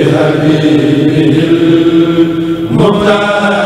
بحبيبه المختار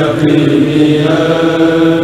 يقينا